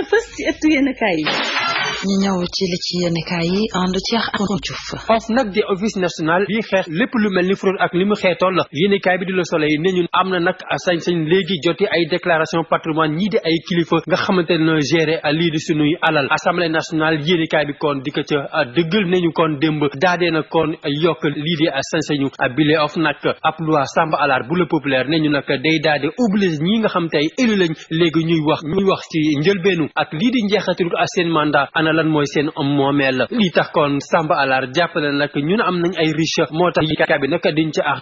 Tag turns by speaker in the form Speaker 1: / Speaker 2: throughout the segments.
Speaker 1: a fës ci ëttu yéenekaay yi ñu ñëw ci li ci yenn kaay yi ànd ci ak Abdou Diouf. OFNAC di office national bi xeex lépp lu mel ni fraude ak li mu xeetoon la yenn bi di la Soleil ne ñun am na nag sañ-sañ léegi joti ay déclaration patrimoine ñii di ay kilifa nga xamante ne géré lii di sunuy alal assemblée nationale yenn bi kon di ko ca dëggal nañu kon démb daadee na kon yokk lii di sañ-sañu bile OFNAC ab loi Samba Alaar bu le populaire ne ñu nag day daal di ñi nga xam tey élu léegi ñuy wax ñuy wax ci njëlbeenu ak lii ana lan mooy seen am moomeel li tax kon Samba Alaar jàppale nag ñun am nañ ay riche moo tax yikaay bi nag diñ ci ay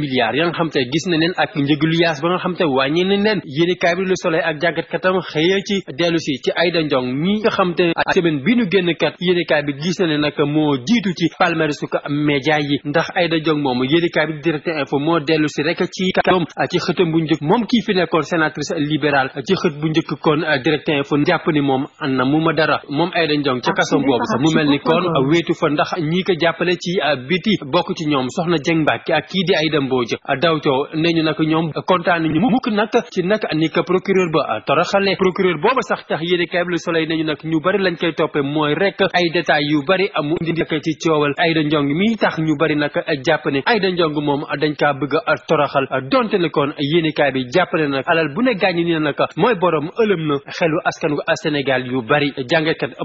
Speaker 1: milliards ya nga xam na leen ak njëglu yaas ba nga xam te wàññi nañ leen yéenikaay bi lu soleil ak jàggatkatam xëyee ci dellu si ci Aïda Ndong ñi nga xam te semaine bi ñu génn kat yéenikaay bi gis na ne nag moo jiitu ci palmarès su ko média yi ndax Aïda Ndong moom yéenikaay bi directeur info moo dellu rek ci kàddoom ci xëtam bu njëkk moom kii fi nekkoon sénatrice libérale ci xët bu njëkk kon euh, directeur info jàpp ni moom an na mu ma dara moom Aïda Ndiong ca kaso boobu sax mu mel ni kon wéetu fa ndax ñii ko jàppale ci euh, biti bokk ci ñoom soxna Dieng Mbacke ak kii di Aïda Mbodj daw coow nee ñu nag ñoom kontaan ñu mukk nag ci nag ni ko procureur ba toroxale procureur booba sax tax yéene kaay bi Le Soleil nee ñu nag ñu bari lañ koy toppe mooy rek ay détails yu bari amu indi ak ci coowal Aïda Ndiong mi tax ñu bari nag jàpp ne Aïda Ndiong moom dañ kaa bëgg a toroxal donte ne kon yéenekaay bi jàppale nag alal bu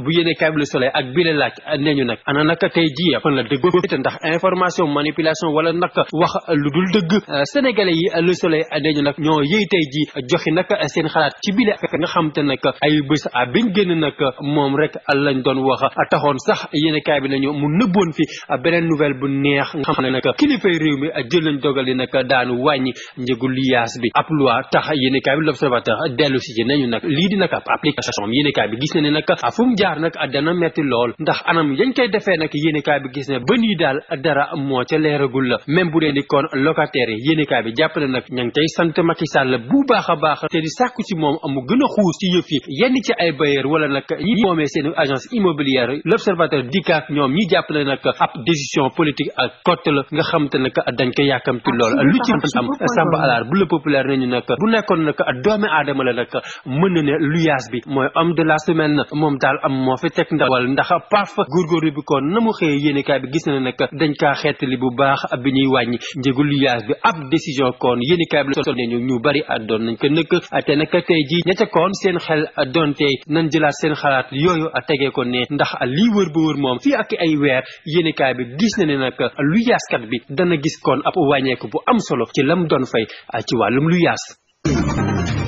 Speaker 1: bu yéenekaay bi Le Soleil ak la laaj nee ñu nag ana nag tey jii fan la dëggoo ndax information manipulation wala nag wax lu dul dëgg sénégalais yi Le Soleil nee ñu nag ñoo yëy tey jii joxe nag seen xalaat ci bile ak nga xam te nag ay bés biñ génn nag moom rek lañ doon a taxoon sax yéenekaay bi nañu mu nëbboon fi beneen nouvelle bu neex nga xam ne nag kilifay réew mi jël nañ dogal yi nag daanu wàññi njëgu gu liaas bi ab loi tax yéenekaay bi l'observateur dellu si ci nañu nag lii di nag ab application bi yéenekaay bi gis ne ne nag fu mu jaar nag dana metti lool ndax anam yañ koy defee nag yéenekaay bi gis ne ba nii daal dara moo ca leeragul la même bu dee ni kon locataires yi yéenekaay bi jàpp ne nag ña ngi tey sant Macky Sall bu baax a ci moom mu gën a xuus ci yëf yi yenn ci ay bailleur wala nag ñi moomee seen agence immobilière l'observateur dikkaak ñoom ñi jàpp ne nag ab décision politique ak cotte la nga xam te nag dañ ko yàkkamti lool lu ci am sàmb dollar bu la populaire nañu nag bu nekkoon nag doomi aadama la nag mën na ne luyaas bi mooy homme de la semaine moom daal am moo fi teg ndax wala ndax paf góorgóorlu bi kon na mu xëyee yéenekaay bi gis na ne nag dañ kaa xeetali bu baax bi ñuy wàññi njëgu luyaas bi ab décision kon yéenekaay bi sol nañu ñu bari at doon nañ ko nëkk te nag tey ji ñette seen xel donte nañ jëlaat seen xalaat yooyu tegee ko ne ndax lii wër ba moom fii ak ay weer yéenekaay bi gis na ne nag bi dana gis koon ab wàññeeku bu am solo ci lam doon fay ci wàllum lu yaas